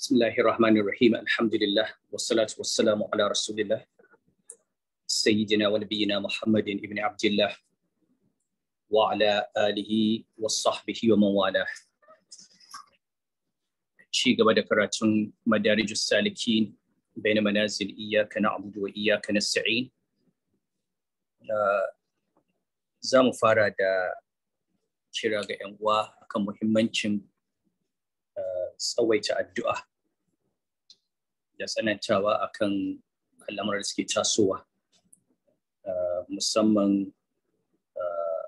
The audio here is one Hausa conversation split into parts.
Bismillahir Rahmanir ala Rasulillah. Sayyidina wa Muhammadin ibn Abdullah wa alihi wa sahbihi wa man wala. Ci gaba da karatun Madarijus Salikin bain manazil iyyaka na'budu wa iyyaka nasta'in. Za mu fara da kira ga 'yan uwa kan muhimmancin eh, tsawaita addu'a da tsanantawa akan al'amuran da suke tasowa ah, musamman ah,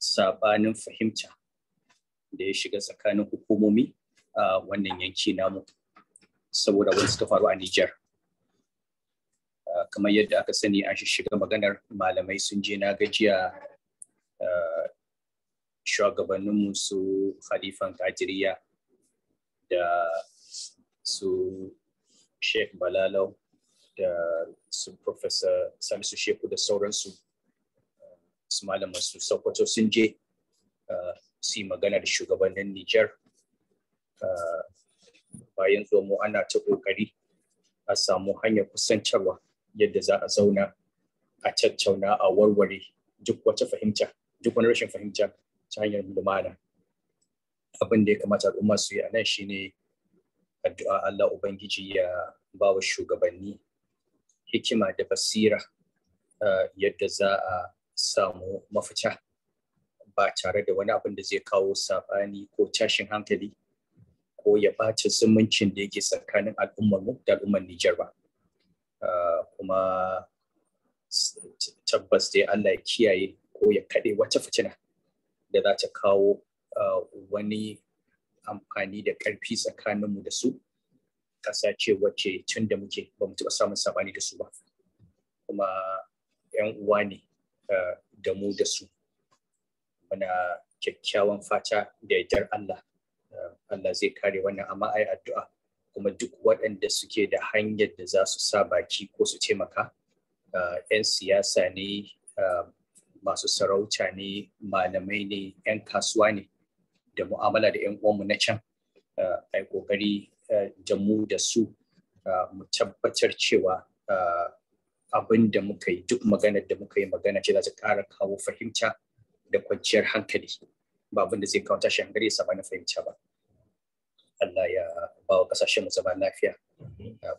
sabanin fahimta da ya shiga tsakanin hukumomi a wannan yanki namu saboda wani suka faru a Nijar. Ah, kamar yadda aka sani an shiga maganar malamai sun je na gajiya shugabanninmu su khalifan kajiriya da su Sheikh Balalau da su Professor Samisu Shehu da sauransu su malaman masu Sokoto sun je uh, su yi magana da shugabannin Nijar uh, bayan tsomo ana ta ƙoƙari a samu hanyar kusantarwa yadda za a zauna a tattauna a warware duk wata fahimta duk wani rashin fahimta ta hanyar lumana abin da ya kamata al'umma su yi a nan shine addu'a Allah Ubangiji ya ba wa shugabanni hikima da basira eh, yadda za a samu mafita ba tare da wani abin da zai kawo sabani ko tashin hankali ko ya ɓata zumuncin da yake tsakanin al'ummar mu da al'ummar Nijar ba. Eh, kuma tabbas dai Allah ya kiyaye ko ya kaɗe wata fitina da za ta kawo eh, wani amfani da ƙarfi tsakaninmu da su ƙasa ce wacce tun da muke ba mu taɓa samun sabani da su ba kuma 'yan uwa ne eh, da mu da su muna kyakkyawan fata da yadar Allah eh, Allah zai kare wannan amma ai addu'a kuma duk waɗanda suke da hanyar da za su sa baki ko su taimaka 'yan eh, siyasa ne masu sarauta ne malamai ne 'yan kasuwa ne da mu'amala da 'yan uwanmu na can eh, a yi ƙoƙari eh, da mu da su eh, mu tabbatar cewa abin da muka yi duk maganar da muka yi magana ce za ta ƙara kawo fahimta da kwanciyar hankali ba abin da zai kawo tashin hankali ya na fahimta ba Allah ya ba wa ƙasashen mu zama lafiya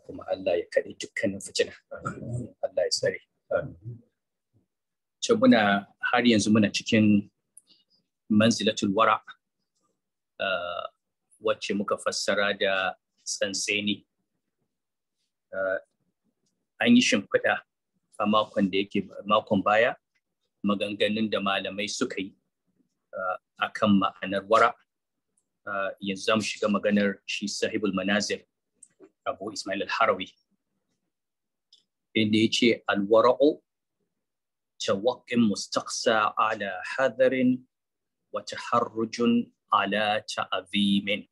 kuma Allah ya kaɗi dukkanin fitina Allah ya tsare ce muna har yanzu muna cikin manzilatul wara' Uh, wacce muka fassara da tsantseni uh, an yi shimfiɗa a makon da yake makon baya maganganun da malamai suka yi uh, a kan ma'anar wara yanzu za mu shiga maganar shi sahibul manazir abu ismail al-harawi inda ya ce alwara'u tawaqqin mustaqsa ala hadarin wata harrujun. ala ta'zimin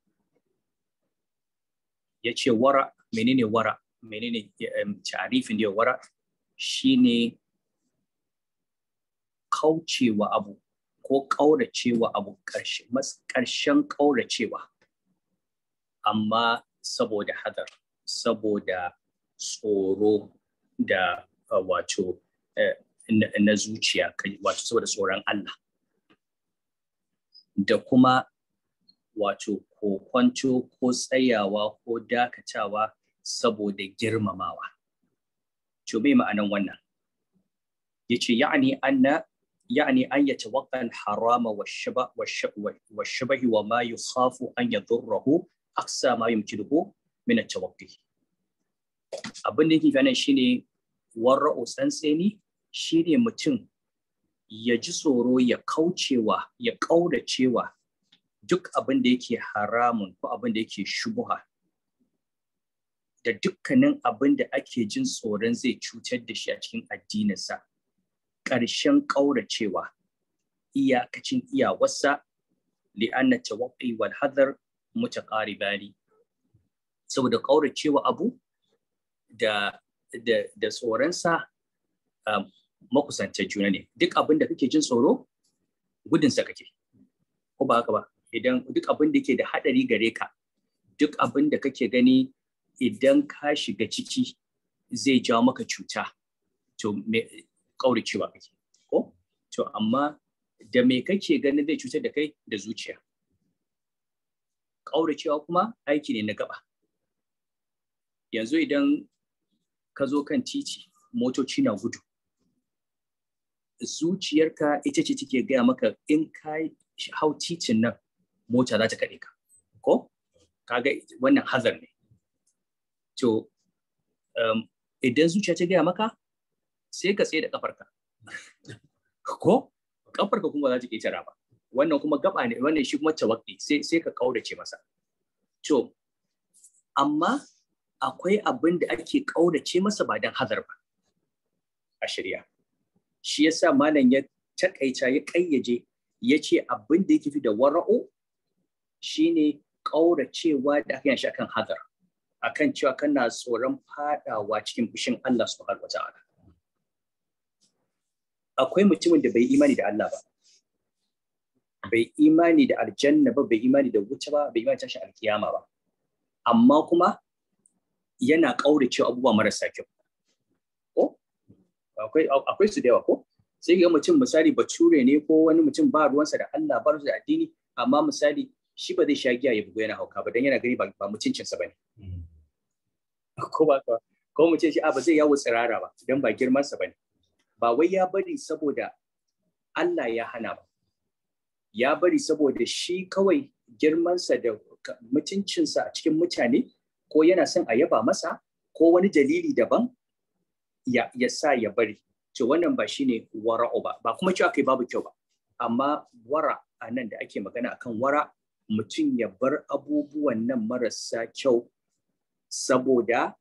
ya ce wara menene wara menene tarifin da wara shine kaucewa abu ko ƙauracewa abu ƙarshen ƙauracewa amma saboda hadar saboda tsoro da wato eh, na zuciya wato saboda tsoron Allah da kuma wato kokwanco ko tsayawa ko dakatawa saboda girmamawa. To me ma'anan wannan? Yace ya'ani anna ya'ani an yatawaqqa al-harama wa shaba wash-shabahi wa ma yukhafu an yadurruhu aksa ma yumkinuhu min at Abin da yake ganin shine warra'u tsantseni shine mutum ya ji tsoro ya kaucewa ya ƙauracewa duk abin da yake haramun ko abin da yake shubuha da dukkanin abin da ake jin tsoron zai cutar da shi a cikin addininsa ƙarshen ƙauracewa iyakacin iyawarsa li'anna tawaqi wal hadar mutaqaribani saboda ƙauracewa abu da da da tsoronsa um, makusantar juna ne duk abin da kake jin tsoro gudunsa kake ko ba haka ba idan duk abin da ke da haɗari gare ka duk abin da kake gani idan ka shiga ciki zai jawo maka cuta to me cewa kake ko to amma da me kake ganin zai cutar da kai da zuciya kauracewa kuma aiki ne na gaba yanzu idan ka zo kan titi motoci na gudu zuciyarka ita ce take gaya maka in ka hau titin nan mota za ta kaɗe ka ko kaga wannan hazard ne to um, idan zuciya ta gaya maka sai ka tsaye da kafarka ko kafarka kuma za ta tara ba wannan kuma gaba ne wannan shi kuma tawakki sai sai ka kaurace masa to amma akwai abin da ake kaurace masa ba dan hazard ba a shari'a shi yasa malam ya taƙaita ya kayyaje ya ce abin da yake fi da wara'u shine ƙauracewa da aka yanshi akan hadar akan cewa kana tsoron fadawa cikin fushin Allah subhanahu wata'ala akwai mutumin da bai imani da Allah ba bai imani da aljanna ba bai imani da wuta ba bai imani tashin alkiyama ba amma kuma yana ƙaurace abubuwa marasa kyau akwai akwai su da yawa ko sai ga mutum misali bature ne ko wani mutum ba ruwansa da Allah ba da addini amma misali shi ba zai sha giya ya bugu yana hauka ba dan yana gani ba mutuncinsa ba ne hmm. ko ba ka ko mu ce shi a ba zai yawo tsirara ba dan ba girmansa ba ne ba wai ya bari saboda Allah ya hana ba ya bari saboda shi kawai girmansa da mutuncinsa a cikin mutane ko yana son a yaba masa ko wani dalili daban ya, ya sa ya bari to wannan ba shine wara'u ba ba kuma cewa kai babu kyau ba amma wara a nan da ake magana akan wara mutum ya bar abubuwan nan marasa kyau saboda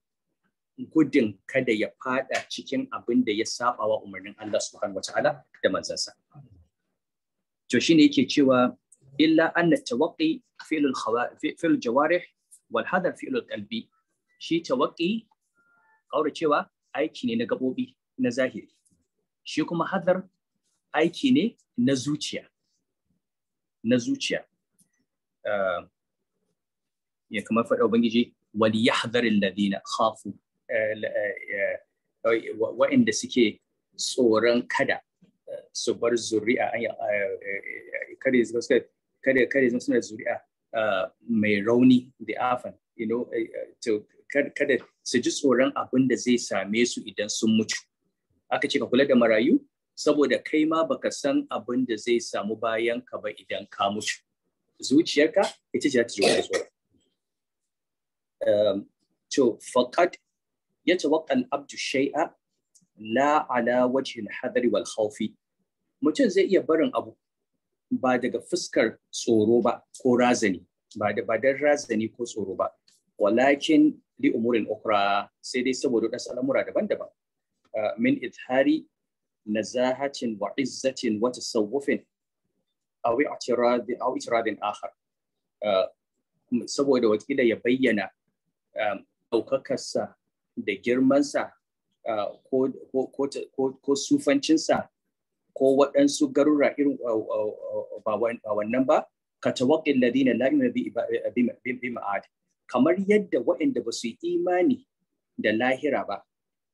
gudun kada ya fada cikin abin da ya saba wa umarnin Allah subhanahu wataala da manzansa to shine yake cewa illa anna tawaqqi fi'l al jawarih wal hadar fi'l al qalbi shi tawaqqi kaura cewa aiki ne na gaɓoɓi na zahiri shi kuma hadar aiki ne na zuciya na zuciya eh, ya kamar faɗa ubangiji wal yahdharil ladina khafu eh, eh, wa'inda suke tsoron kada su bar zuri'a kada kada kada suna zuri'a mai rauni the afan you know to kada su ji tsoron abin da zai same su idan sun mutu aka ce ka kula da marayu saboda kai ma baka san abin da zai samu bayan ka ba idan ka mutu zuciyarka ita ce ta jiwa tsoron ehm, to ya yatawaqqa al-abdu shai'a la ala wajhi hadari wal haufi. mutum zai iya barin abu ba daga fuskar tsoro ba ko razani ba da ba razani ko tsoro ba walakin li umurin ukra sai dai saboda wadansu al'amura daban-daban ah, min ithari nazahatin wa izzatin wa tasawwufin aw i'tiradin aw akhar ah, saboda wakila ya bayyana ɗaukakarsa ah, da girmansa ko sufancinsa ko waɗansu garura irin ba wannan ba ka tawaƙin ladina la bi ma'ad kamar yadda waɗanda ba su yi imani da lahira ba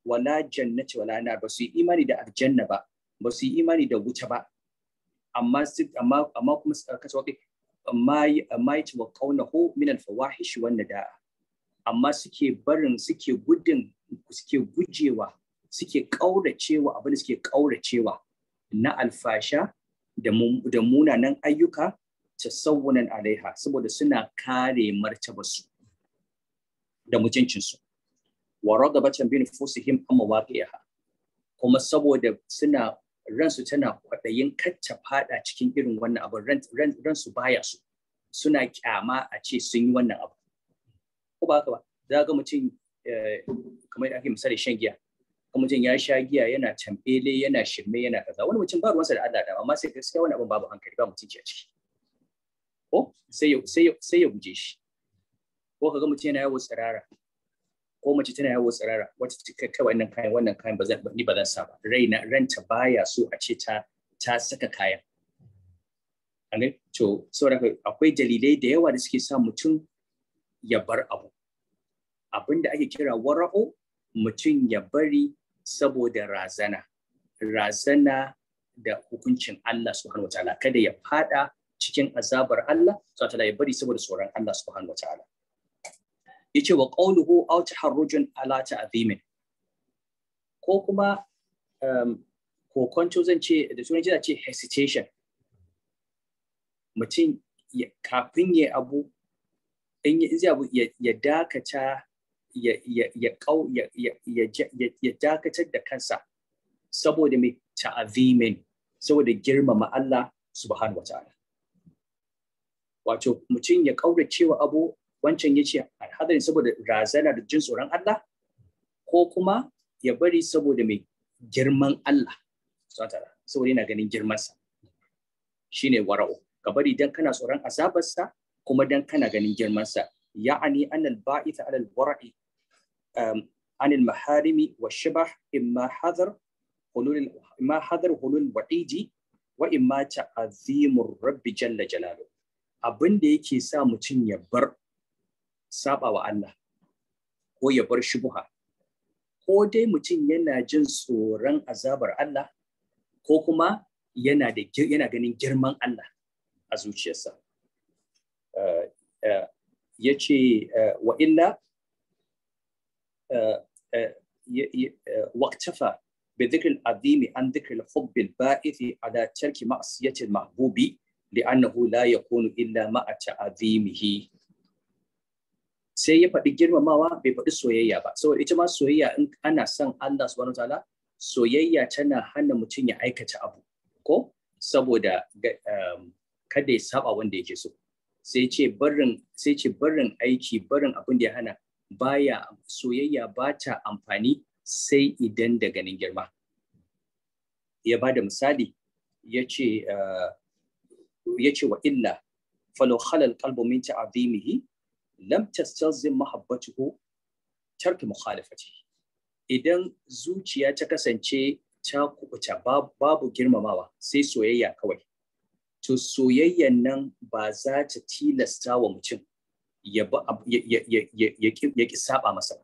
wala jannati wala na, ba su yi imani da aljanna ba ba su yi imani da wuta ba amma amma amma kuma karkata wa amma amma wa min amma suke barin suke gudun suke gujewa suke kauracewa abin suke kauracewa na alfasha da munanan ayyuka tasawwunan alaiha saboda suna kare martabarsu da mutuncinsu wa ragabatan bin fusihim amma waqi'aha kuma saboda suna ransu tana kwaɗayin kacce fada cikin irin wannan abu ransu baya su suna kyama a ce sun yi wannan abu ko ba haka ba za ga mutum eh, kamar ake misali shan giya kuma mutum ya sha giya yana tambele yana shirme yana kaza wani mutum ba ruwansa da Allah da amma sai gaskiya wani abin babu hankali ba mutum a ciki ko sai ya guje shi ko ka ga mutum yana yawo tsirara ko mace tana yawo tsirara kai cikakka wannan kayan wannan kayan ba zan ni ba zan saba raina ranta baya so a ce ta ta saka kayan an to saboda akwai dalilai da yawa da suke sa mutum ya bar abu abin ake kira wara'u mutum ya bari saboda razana razana da hukuncin Allah subhanahu wataala kada ya fada cikin azabar Allah subhanahu wataala ya bari saboda tsoron Allah subhanahu wataala yace wa qawluhu aw taharrujun ala ta'zimin ko kuma um, kokonto zan ce da sunan jira ce hesitation mutum kafin ya abu in ya zai abu ya dakata ya dakatar da kansa saboda mai ta'azimin saboda girmama Allah subhanahu wa ta'ala wato mutum ya kaurace wa abu wancan ya ce hadari saboda razana da jin tsoron Allah ko kuma ya bari saboda mai girman Allah saboda yana ganin girmansa shine wara'u ka bari dan kana tsoron azabarsa kuma dan kana ganin girmansa ya'ani annal ba'ita alal wara'i عن المحارم والشبه إما حذر حلول إما حذر حلول الوعيد وإما تعظيم الرب جل Jalla abin da yake sa mutum ya bar saba wa Allah ko ya bar shubuha ko dai mutum yana jin tsoron azabar Allah ko kuma yana, yana ganin girman Allah a zuciyarsa. Eh, eh, ya ce eh, wa illa waktafa bi dhikril azimi an dhikril hubbil ba'ithi ala tarki ma'siyatil mahbubi li'annahu annahu la yakunu illa ma'a ta'zimihi sai ya faɗi girmamawa bai faɗi soyayya ba saboda ita ma soyayya in ana son Allah subhanahu wataala soyayya tana hana mutum ya aikata abu ko saboda um, kada ya saba wanda yake so sai ce barin sai ce barin aiki barin abin da ya hana baya soyayya ba ta amfani sai idan da ganin girma ya ba da misali ya ce uh, ya ce wa illa falo halal qalbu min ta'zimihi lam tastazim mahabbatuhu tarki mukhalafati idan zuciya ta kasance ta kubuta babu girmamawa sai soyayya kawai to soyayyan nan ba za ta tilasta wa mutum ya ki saba masa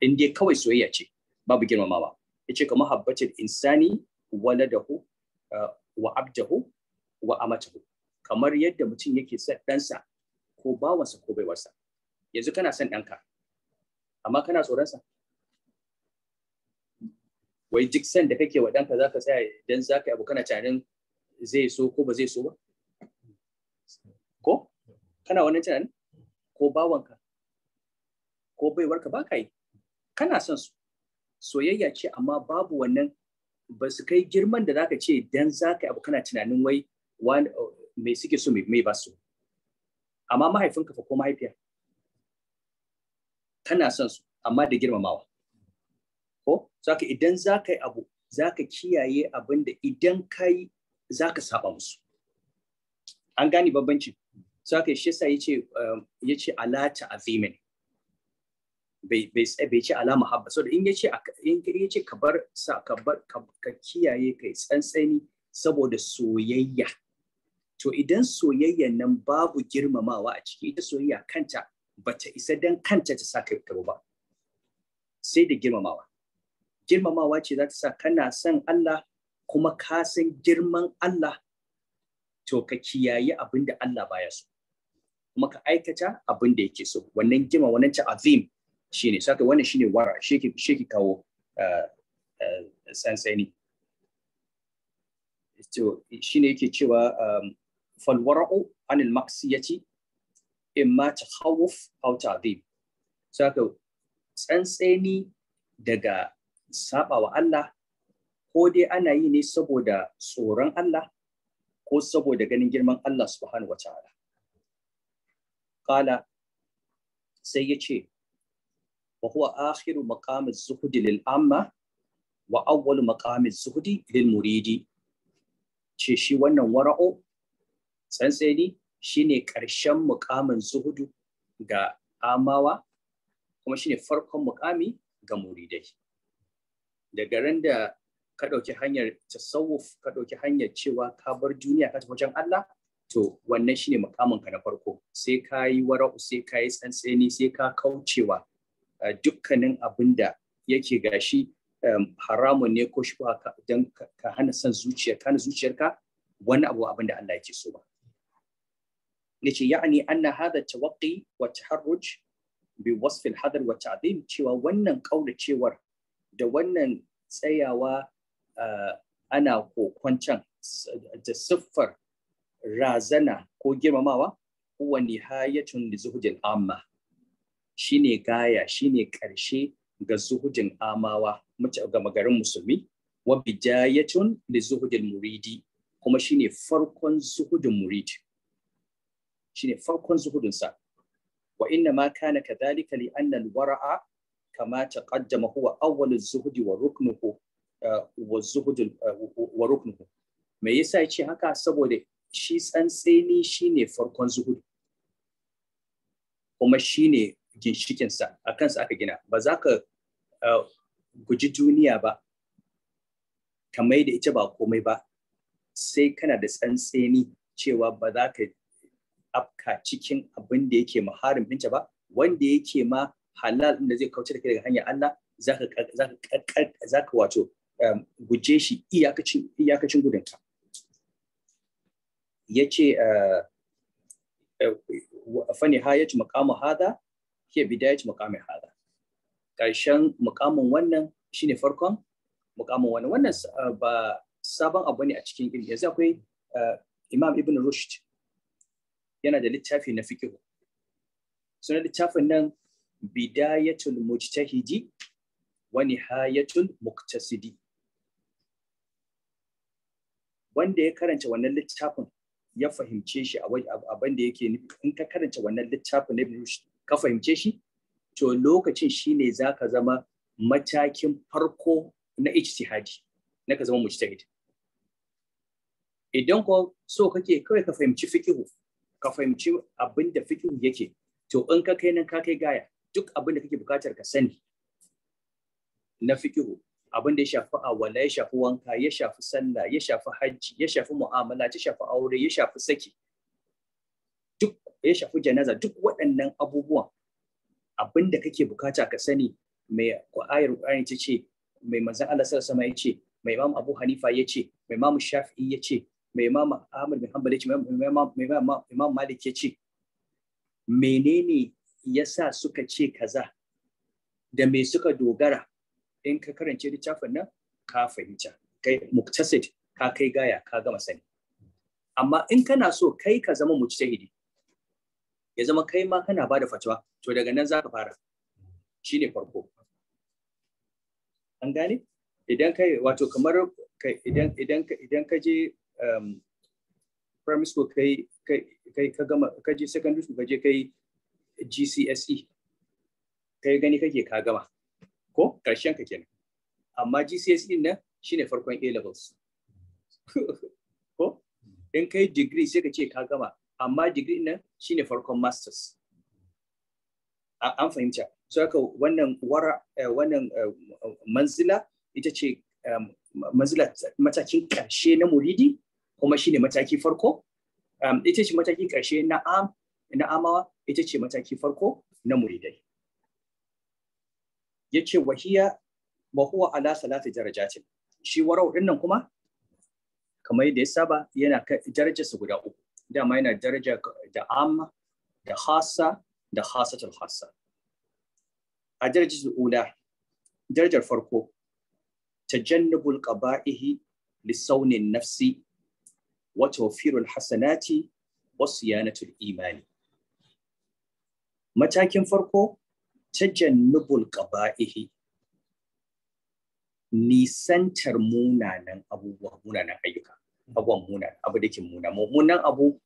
in dai kawai soyayya ce babu girmamawa ce kamar habbatul insani waladahu wa abdahu wa amatahu kamar yadda mutum yake son ɗansa ko bawansa ko baiwarsa yanzu kana son ɗanka amma kana tsoronsa wai duk san da kake wa ɗanka za ka tsaya idan za ka yi abu kana tunanin zai so ko ba zai so ba ko kana wannan tunanin ko bawanka ko baiwarka ba ka yi kana son su soyayya ce amma babu wannan ba su kai girman da zaka ce dan zaka abu kana tunanin wai mai suke so mai ba su amma mahaifinka fa ko mahaifiyar. kana son su amma da girmamawa ko ka, idan ka yi abu zaka kiyaye abin da idan kai zaka saba musu an gane bambanci zaka shi yasa yace um, yace alata azimin bai bai ce ala muhabba so in yace in yace ka bar sa ka bar ka kiyaye kai tsantsani saboda soyayya to idan soyayya nan babu girmamawa a ciki ita soyayya kanta bata isa dan kanta ta sa kai fitaro ba sai da girmamawa girmamawa ce za ta sa kana son Allah kuma ka san girman Allah to ka kiyaye abinda Allah baya so kuma ka aikata abin da yake so wannan girma wannan ta azim shine saka wannan shine wara sheki sheki kawo eh, eh, sansani to shine yake cewa um, falwara'u anil maksiyati in ma tahawuf aw ta'dhib saka tsantseni daga saba wa Allah ko dai ana yi ne saboda tsoron Allah ko saboda ganin girman Allah subhanahu wa ta'ala Kala, sai ce wa huwa akhiru maqam az-zuhd lil amma wa awwalu maqam az-zuhd lil muridi ce shi wannan wara'o tsantseni shine ƙarshen mukamin zuhudu ga amawa kuma shine farkon mukami ga muridai daga ran da ka ɗauki hanyar tasawuf ka ɗauki hanyar cewa ka bar duniya ka tafi wajen Allah to wannan shine mukamin ka na farko sai ka yi wara'u sai ka yi tsantseni sai ka kaucewa eh, dukkanin abin da yake gashi eh, haramun ne ko shi don ka hana son ka hana zuciyarka wani abu abin da Allah yake so ba yace ya'ani anna hada tawaqqi wa taharruj bi wasf al-hadar wa ta'zim cewa wannan cewar da wannan tsayawa eh, ana kokwancan da siffar razana ko girmamawa huwa nihayatun li zuhudil amma shine gaya shine karshe ga zuhudin amawa ga magarin musulmi wa bidayatun li zuhudil muridi kuma shine farkon zuhudin muridi shine farkon zuhudinsa wa inna ma kana kadhalika li anna al-wara'a kama taqaddama huwa awwal az-zuhdi wa ruknuhu uh, wa az-zuhd uh, wa ruknuhu me yasa yace haka saboda shi tsantseni shine farkon zuhud kuma shine ginshikin sa akan sa aka gina ba za ka uh, guji duniya ba ka mai da ita ba komai ba sai kana da tsantseni cewa ba za ka afka cikin abin da yake harin ɗinta ba wanda yake ma halal da zai kauce da ke daga hanyar Allah zaka zaka wato um, guje shi iyakacin iyakacin gudunta yace uh, uh, fa nihayat maqamu hada ke bidayat maqami hada karshen mukamin wannan shine farkon mukamin wannan wannan uh, ba sabon abu ne a cikin ilmi yanzu akwai imam ibn rushd yana da littafi na fiqh sunan littafin nan bidayatul mujtahidi wa nihayatul muqtasidi wanda ya karanta wannan littafin ya fahimce shi abin da yake nufi in ka karanta wannan littafin na ka fahimce shi to lokacin shine zaka zama matakin farko na ijtihadi na ka zama mujtahid idan ko so kake kawai ka fahimci fikihu ka fahimci abin da fiqhu yake to in ka kai nan ka kai gaya duk abin da kake buƙatar ka sani na fiqhu abin da ya shafi awala ya shafi wanka ya shafi sallah ya shafi hajji ya shafi mu'amala ya shafi aure ya shafi saki duk ya shafi janaza duk waɗannan abubuwan abin da kake buƙata ka sani mai ayar ƙwayar ce ce mai manzon Allah sallallahu alaihi ya ce mai Imam Abu Hanifa ya ce mai Imam Shafi'i ya ce mai imam Ahmad bin Hanbal ce mai imam Malik ce. menene yasa suka ce kaza da me suka dogara in ka karance littafin nan ka fahimta kai muktasid ka kai gaya ka gama sani amma in kana so kai ka zama mujtahidi ya zama kai ma kana bada fatwa to daga nan za ka fara shine farko an gane idan kai wato kamar idan idan idan ka je um, primary school kai kai ka gama ka je secondary school ka je kai GCSE kai gani kake ka gama ko karshen ka kenan amma GCSE nan shine farkon A levels ko in kai degree sai ka ce ka gama amma degree nan shine farkon masters an fahimta so haka wannan wara eh, wannan eh, manzila ita ce eh, manzila matakin karshe na muridi kuma shine mataki farko um, ita ce mataki ƙarshe na am na amawa ita ce mataki farko na muridai yace wahiya wa huwa ala salati darajatin shi warau din nan kuma kamar yadda ya saba yana darajarsa guda uku dama yana daraja da amma da hasa da hasatul hasa a darajar ula darajar farko tajannubul qaba'ihi lisaunin nafsi wa tawfirul hasanati wa siyanatul imani matakin farko tajannubul qaba'ihi nisantar munanan abubuwa munanan ayyuka abubuwan munan abu da ke muna mummunan abu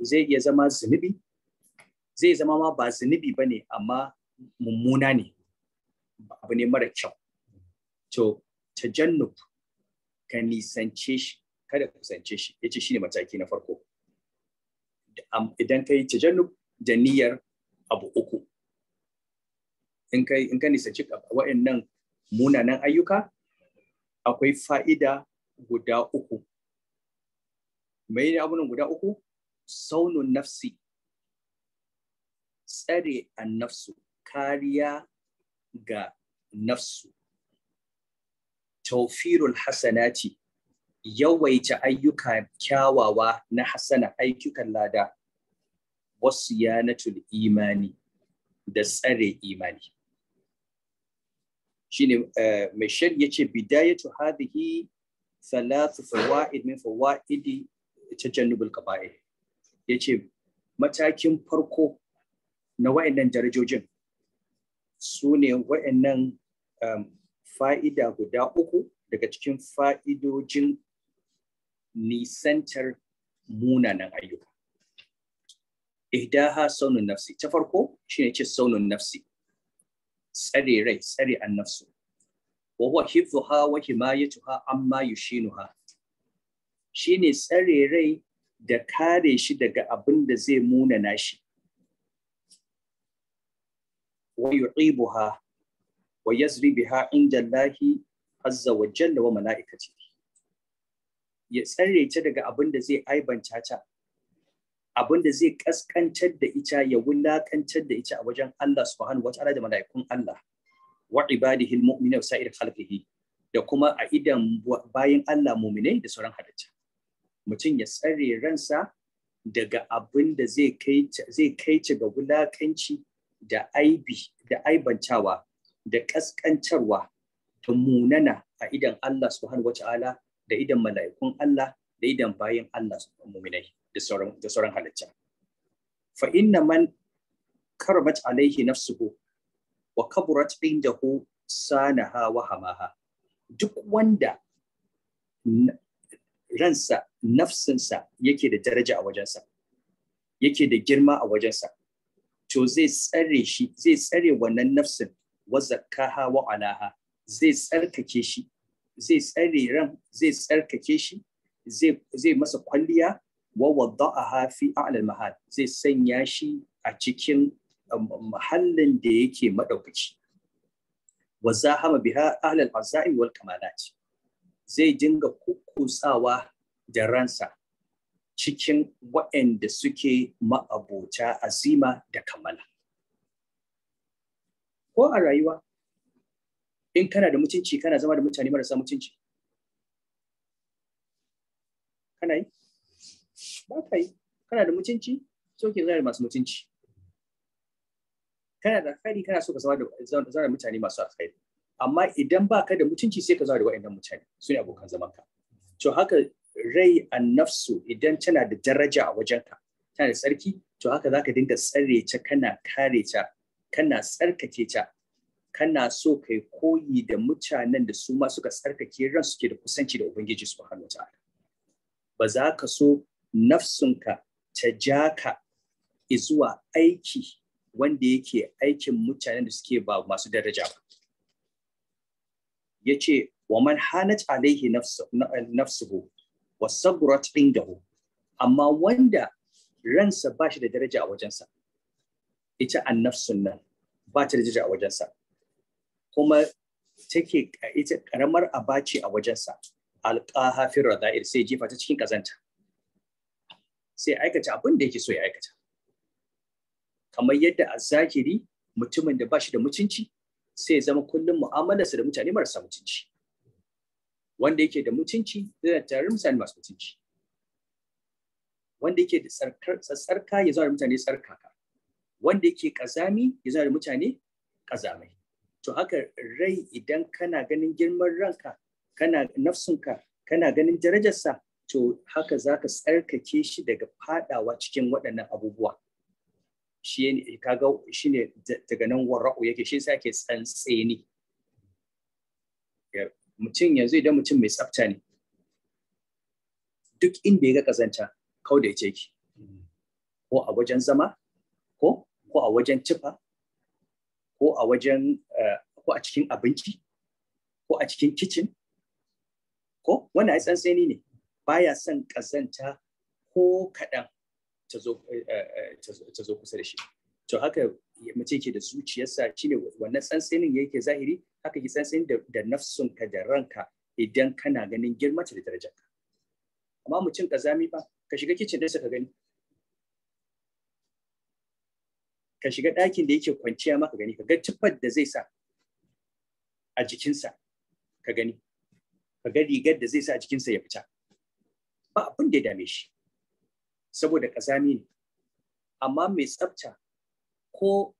zai zama zunubi zai zama ma ba zunubi ba ne amma mummuna ne abu ne mara kyau to tajannub ka nisance shi kada ka kusance shi yace shine mataki na farko idan kai tajannub da niyyar abu uku in kai in ka nisanci wa'annan munanan ayyuka akwai fa'ida guda uku mai ne abunan guda uku saunun nafsi tsare an nafsu kariya ga nafsu taufirul hasanati yawaita ayyuka kyawawa na hasana ayyukan lada wasu yanatul imani da tsare imani shine eh, mai shar ya ce bidayatu hadhihi thalathu fawaid min fawaidi tajannubul qaba'ih yace matakin farko na wa'annan darajojin su ne wa'annan um, fa'ida guda uku daga cikin fa'idojin nisantar munanan ayyuka ihdaha tsaunin nafsi ta farko ne ce saunun nafsi tsare rai tsare annafsu wa huwa hifdhuha wa himayatuha amma yushinuha shine tsare rai da kare shi daga abin da zai munana shi wa yu'ibuha wa yazribiha biha inda Allahi azza wa jalla wa mala'ikatihi ya tsare ta daga abin da zai aibanta ta abin da zai kaskancar da ita ya wulakancar da ita a wajen Allah subhanahu wa ta'ala da mala'ikun Allah wa ibadihi almu'minu sa'ir khalqihi da kuma a idan bayin Allah mu'minai da sauran halitta mutum ya tsare ransa daga abin da zai kai zai kai ga wulakanci da aibi da aibantawa da kaskantarwa da munana a idan Allah subhanahu wa ta'ala da idan mala'ikun Allah da idan bayan Allah su muminai da sauran da sauran halitta fa inna man karabat alaihi nafsuhu wa kaburat indahu sanaha wa hamaha duk wanda ransa nafsinsa yake da daraja a wajensa yake da girma a wajensa to zai tsare shi zai tsare wannan nafsin wa zakkaha wa alaha zai tsarkake shi zai tsare ran zai tsarkake shi zai masa kwalliya wa wadda'aha fi a'lal mahal zai sanya shi a cikin um, mahallin da yake maɗaukaci wa zahama biha ahlal azai wal kamalat zai dinga kukkusawa da ransa cikin waɗanda suke ma'abota azima da kamala ko a rayuwa in kana da mutunci kana zama da mutane marasa mutunci kana yi ba ka yi kana da mutunci so ke zama da masu mutunci kana da alkhairi kana so ka zama da mutane masu alkhairi amma idan ba ka da mutunci sai ka zama da wa'annan mutane su ne abokan zaman ka to haka rai an nafsu idan tana da daraja a wajenka tana da tsarki to haka za ka dinga tsare ta kana kare ta kana tsarkake ta kana so ka yi koyi da mutanen da su ma suka tsarkake ran suke da kusanci da ubangiji subhanahu wataala ba za ka so nafsunka ta ja ka zuwa aiki wanda yake aikin mutanen da suke ba masu daraja ba yace wa man hanat alaihi nafsuhu wa sabrat indahu amma wanda ransa ba shi da daraja a wajensa ita an nafsun nan ba ta da daraja a wajensa kuma take ita karamar abaci a wajensa alqaha fi rada'ir sai jefa ta cikin kazanta sai aikata abin da yake so ya aikata kamar yadda azzakiri mutumin da bashi da mutunci sai ya zama kullum mu'amalarsa da mutane marasa mutunci wanda yake da mutunci zai tarin mutane masu mutunci wanda yake da tsarka ya zama da mutane tsarkaka wanda yake kazami ya zama da mutane kazamai to haka rai idan kana ganin girman ranka kana nafsunka kana ganin darajarsa to haka za ka tsarkake shi daga fadawa cikin waɗannan abubuwa shi ne kaga shi ne daga nan warra'u yake shi sa ke tsantseni mutum yanzu idan mutum mai tsafta ne duk inda ya ga kazanta kawai da ya ce ki ko a wajen zama ko a wajen tufa. ko a wajen eh, ko a cikin abinci ko a cikin kicin ko wannan ai tsantseni ne baya son kazanta ko kaɗan eh, eh, ta zo kusa da shi to haka mace ke da zuciyarsa shine wannan tsantsenin yake zahiri haka ki tsantsenin da nafsunka da ranka idan kana ganin girmata da darajarka amma mutum kazami ba ka shiga kicin da ka gani ka shiga ɗakin da yake kwanciya maka gani ka ga tufar da zai sa a jikinsa ka gani ka ga rigar da zai sa a jikinsa ya fita ba abin da ya dame shi saboda ƙazami ne amma mai tsafta ko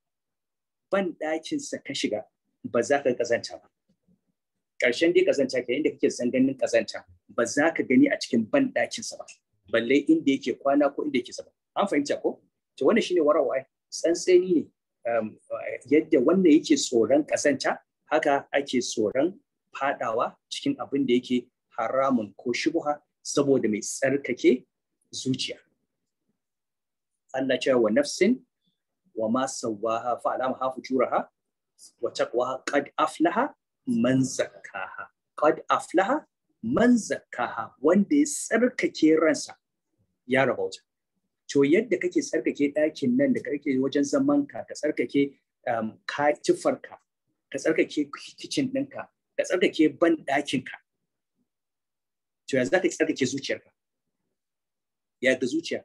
ban ɗakinsa ka shiga ba za ka ƙazanta ba ƙarshen dai ƙazanta ka yadda kake san ganin ƙazanta ba za ka gani a cikin ban ɗakinsa ba balle inda yake kwana ko inda yake zama an fahimta ko to wannan shine warawa sansani ne um, yadda wanda yake tsoron kasanta haka ake tsoron fadawa cikin abin da yake haramun ko shubha saboda mai tsarkake zuciya Allah cewa wa nafsin wa ma sawaha fa alama ha fujuraha wa taqwa qad aflaha man zakkaha qad aflaha man zakkaha wanda ya tsarkake ransa ya rabauta to yadda kake tsarkake ɗakin nan da kake wajen zaman ka ka tsarkake um, katifar ka Ka tsarkake kicin ɗinka ka tsarkake ban ka. to ya za ka tsarkake zuciyarka ya ga zuciya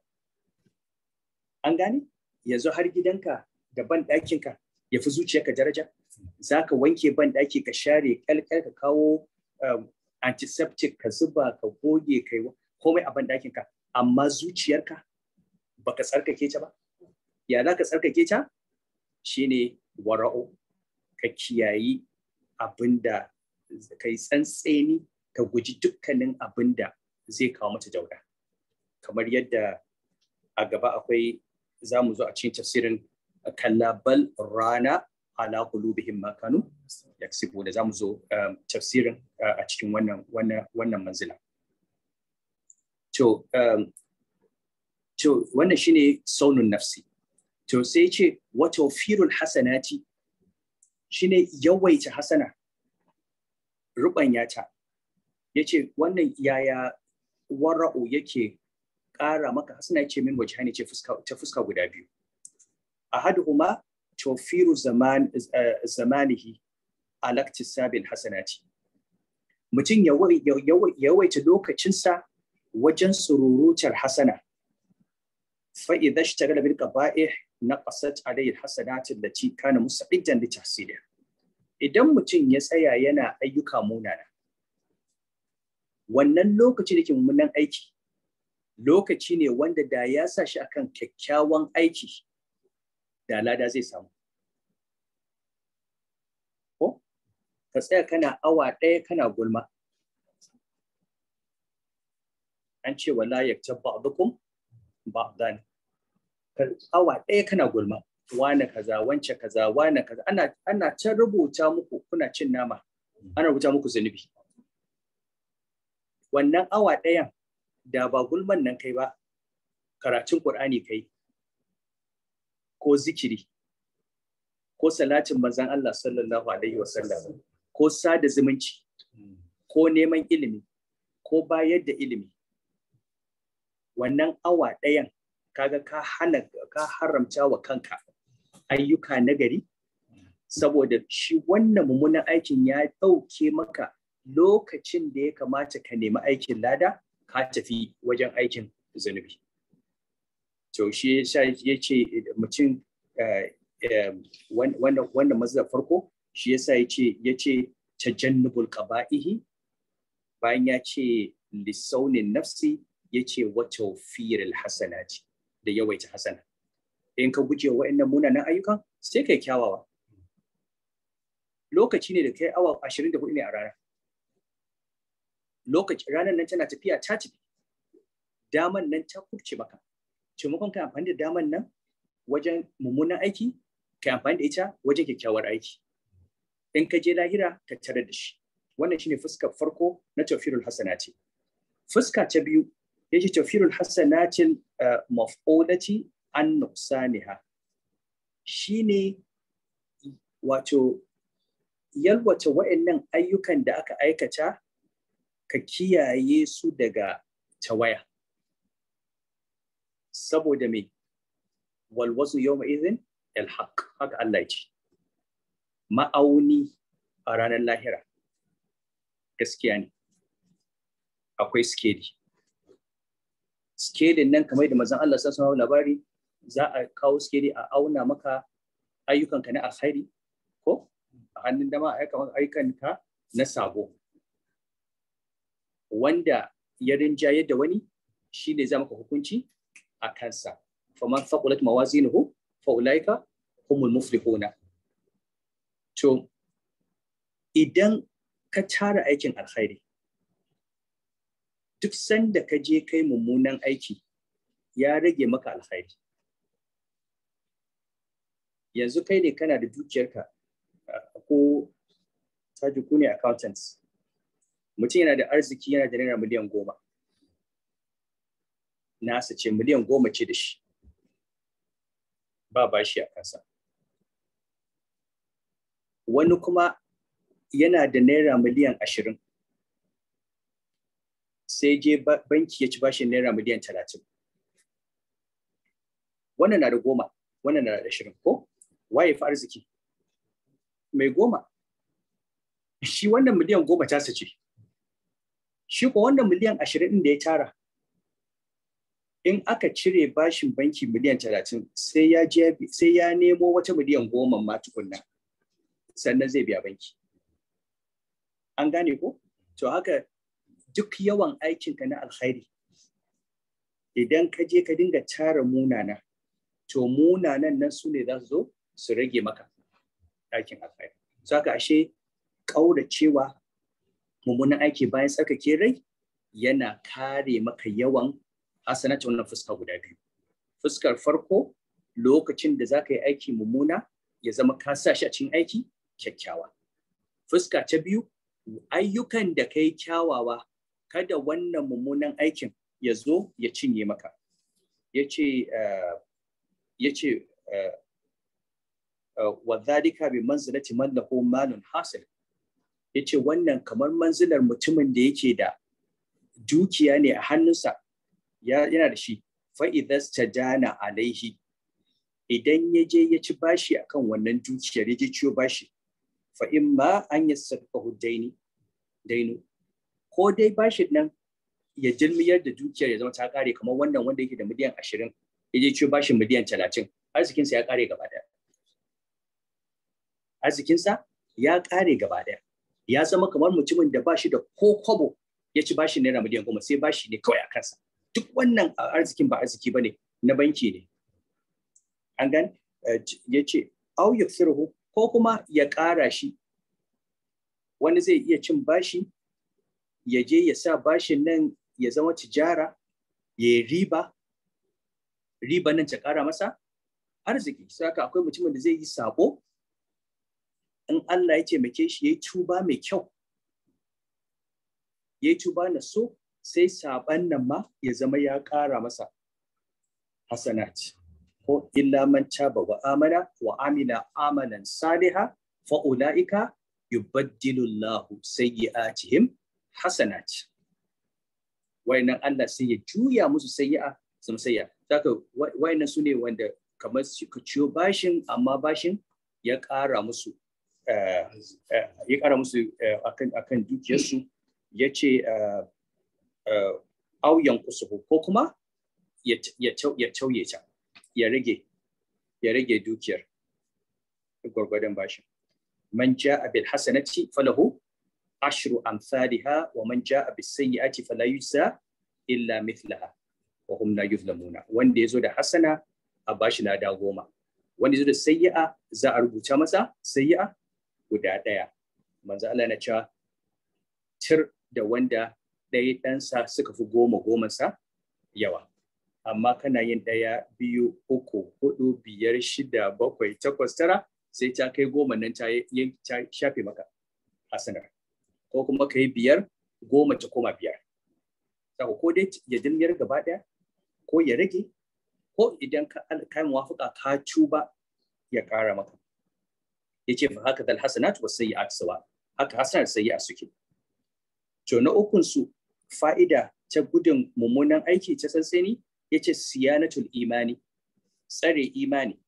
an gane yanzu har gidanka da ban ka ya fi zuciyarka daraja za ka wanke ban ɗaki ka share ƙalƙal ka kawo um, antiseptic ka zuba ka goge kai komai a ban ka amma zuciyarka baka tsarkake ta ba ya za ka tsarkake ta shine wara'u ka kiyayi abinda kai tsantseni ka guji dukkanin abin da zai kawo mata dauda kamar yadda a gaba akwai za mu zo a cikin tafsirin kallabal rana ala qulubihim ma kanu yaksibu da zamu zo um, tafsirin uh, a cikin wannan wannan wannan manzila to um, to wannan shine saunun nafsi to sai ce wa tawfirul hasanati shine yawaita hasana rubanya ta yace wannan yaya wara'u yake ƙara maka hasana yace min wajhani ce fuska ta fuska guda biyu ahaduhuma tawfiru zaman eh, zamanihi ala hasanati mutum yawaita lokacinsa wajen sururutar hasana fa idza ishtagala bil qaba'ih naqasat alayhi hasanatu allati kana musta'iddan idan mutum ya tsaya yana ayyuka munana wannan lokaci da ke mummunan aiki lokaci ne wanda da ya sa shi akan kyakkyawan aiki da lada zai samu ko ka tsaya kana awa ɗaya kana gulma an ce wala yaktab ba'dukum ba zani awa ɗaya kana gulma wane kaza wance kaza wane kaza ana ana can rubuta muku kuna cin nama ana rubuta muku zunubi wannan awa ɗayan da ba gulman nan kai ba karatun ƙur'ani kai ko zikiri ko salatin manzan Allah sallallahu alaihi wasallam ko sada zumunci ko neman ilimi ko bayar da ilimi wannan awa ɗayan kaga ka hana ka haramta wa kanka ayyuka na gari saboda shi wannan mummunan aikin ya ɗauke maka lokacin da ya kamata ka nemi aikin lada ka tafi wajen aikin zunubi to shi ya ce mutum eh, eh, wanda da farko shi yasa ya ce ya ce tajannubul qaba'ihi bayan ya ce lisaunin nafsi yace wa tawfiril hasanati da yawaita hasana in ka guje wa wa'annan munanan ayyukan sai kai kyawawa lokaci ne da kai awa 24 ne a rana lokaci ranar nan tana tafiya ta tafi daman nan ta kubce maka taimakon ka amfani da daman nan wajen mummunan aiki kai amfani da ita wajen kyakkyawar aiki in ka je lahira ka tare da shi wannan shine fuskar farko na tawfirul hasanati fuska ta biyu yace tafirul hasanatil eh, maf'ulati an shi shine wato yalwata wa'annan ayyukan da aka aikata ka kiyaye su daga tawaya saboda me walwasu yawma idhin alhaq haka Allah ya ce ma'auni a ranar lahira gaskiya ne akwai skedi skelin nan kamar da mazan Allah sassan hau labari za a kawo skeli a auna maka ayyukanka na alkhairi ko a hannun dama ayyukanka na sabo wanda ya rinjayar da wani shi ne za maka hukunci a kansa faman faqulat mawazinuhu fa ulaika humul muflihuna to idan ka tara aikin alkhairi duk sanda ka je kai mummunan aiki ya rage maka alkhairi yanzu kai ne kana da dukiyarka ko taji ku ne accountants mutum yana da arziki yana da naira miliyan goma nasa ce miliyan goma ce da shi ba bashi a kansa wani kuma yana da naira miliyan ashirin sai je banki ya ci bashin naira miliyan talatin. Wannan na da goma, wannan na da shirin ko? Waye fi arziki? Mai goma. Shi wannan miliyan goma ta ce. Shi ko wannan miliyan ashirin da ya tara. In aka cire bashin banki miliyan talatin sai ya sai ya nemo wata miliyan goma ma tukunna. Sannan zai biya banki. An gane ko? To haka duk yawan aikinka na alkhairi idan ka je ka dinga tara munana to munanan nan su ne za su zo su rage maka aikin alkhairi haka ashe cewa mummunan aiki bayan tsarkake rai yana kare maka yawan hasanata wannan fuska guda biyu fuskar farko lokacin da za ka yi aiki mummuna ya zama ka sa shi a cikin aiki kyakkyawa fuska ta biyu ayyukan da ka yi kyawawa kada wannan mummunan aikin ya zo ya cinye maka ya ce eh, eh, eh, wa dhalika bi manzilati man lahu malun hasil yace wannan kamar manzilar mutumin da yake da dukiya ne a hannunsa yana da shi fa idza jana alaihi idan ya je ya ci bashi akan wannan dukiyar ya ciyo bashi fa imma an yasadqahu daini dainu ko dai bashin nan ya jirmiyar da dukiyar ya zama ta kare kamar wannan wanda yake da miliyan ashirin ya je ciyo bashin miliyan talatin arzikinsa ya kare gaba daya arzikinsa ya kare gaba daya ya zama kamar mutumin da bashi da ko kwabo ya ci bashin naira miliyan goma sai bashi ne kawai a kansa duk wannan arzikin ba arziki ba ne na banki ne an gan eh, ya ce au ya ko kuma ya kara shi wani zai iya cin bashi ya je ya sa bashin nan ya zama tijara ya yi riba riba nan ta kara masa arziki saka akwai mutumin da zai yi sabo in Allah ya taimake shi yayi tuba mai kyau yayi tuba na so sai saban nan ma ya zama ya ƙara masa hasanat ko illa man taba wa amana wa amila amalan saliha fa ulaika yubaddilu Allahu sayyi'atihim hasanat wayannan Allah sai ya juya musu sayya'a zama sayya saka wayannan su ne wanda kamar ka ciyo bashin amma bashin ya ƙara musu eh, eh, ya ƙara musu eh, akan akan dukiyarsu ya ce auyan kusuhu ko kuma ya tauye ta ya rage ya rage dukiyar gwargwadon bashin man ja bil hasanati falahu ashru amsalha wa man jaa bis sayyi'ati fala yujza illa mithlaha wa hum la yuzlamuna wanda yazo da hasana a bashi lada goma wanda yazo da sayyi'a za a rubuta masa sayyi'a guda daya manzo Allah na cewa tir da wanda ɗaya ɗansa suka fi goma goma sa yawa amma kana yin ɗaya biyu uku hudu biyar shida bakwai takwas tara sai ta kai goma nan ta shafe maka hasanar ko kuma ka yi biyar goma ta koma biyar saka ko dai ya dilmiyar gaba ɗaya ko ya rage ko idan ka alkai muwafaqa ka cuba ya ƙara maka yace fa haka dal hasanat was sayyi'at sawa haka hasanat a suke to na ukun su fa'ida ta gudun mummunan aiki ta sansani yace siyanatul imani tsare imani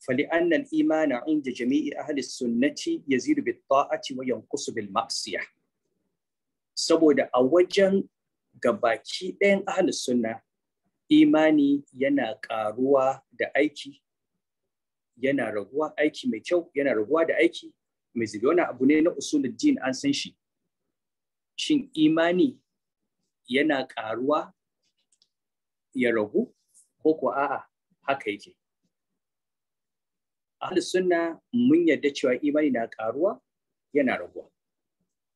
فلأن الإيمان عند جميع أهل السنة يزيد بالطاعة وينقص بالمعصية saboda a wajen gabaki ɗayan ahalus sunna imani yana ƙaruwa da aiki yana raguwa aiki mai kyau yana raguwa da aiki mai zubi wani abu ne na usulul din an san shi shin imani yana ƙaruwa ya ragu ko ko a'a haka yake ahli sunna mun yarda cewa imani na karuwa yana raguwa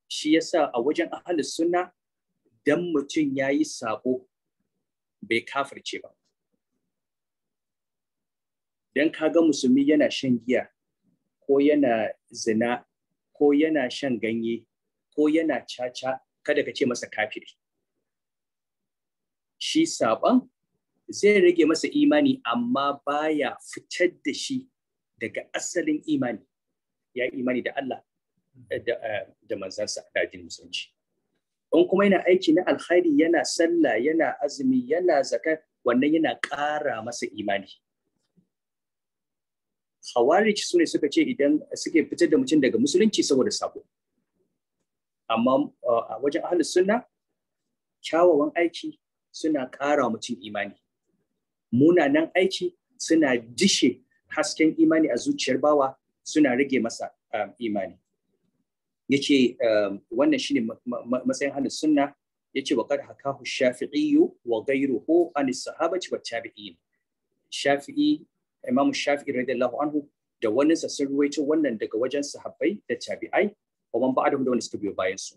shi yasa a wajen ahli sunna dan mutum yayi sako bai kafirce ba dan kaga musulmi yana shan giya ko yana zina ko yana shan ganye ko yana caca kada ka ce masa kafiri shi saban zai rage masa imani amma baya fitar da shi daga asalin imani ya imani da Allah hmm. eh, da manzansa da addinin musulunci in kuma yana aiki na alkhairi yana sallah yana azumi yana zaka wannan yana ƙara masa imani Khawarij su ne suka ce idan suke fitar da mutum daga musulunci saboda sabo. Amma eh, a wajen ahalus sunna kyawawan aiki suna ƙara mutum imani. Munanan aiki suna dishe hasken imani a zuciyar bawa suna rage masa um, imani Ya um, wannan shine matsayin ahlus sunna ce wa hakahu shafi'i wa ghayruhu an sahabati wa tabi'in shafi'i imamu shafi'i radiyallahu anhu da wani sassan ruwaito wannan daga wajen sahabbai da tabi'ai wa man ba'dahum da wanda suka biyo bayan su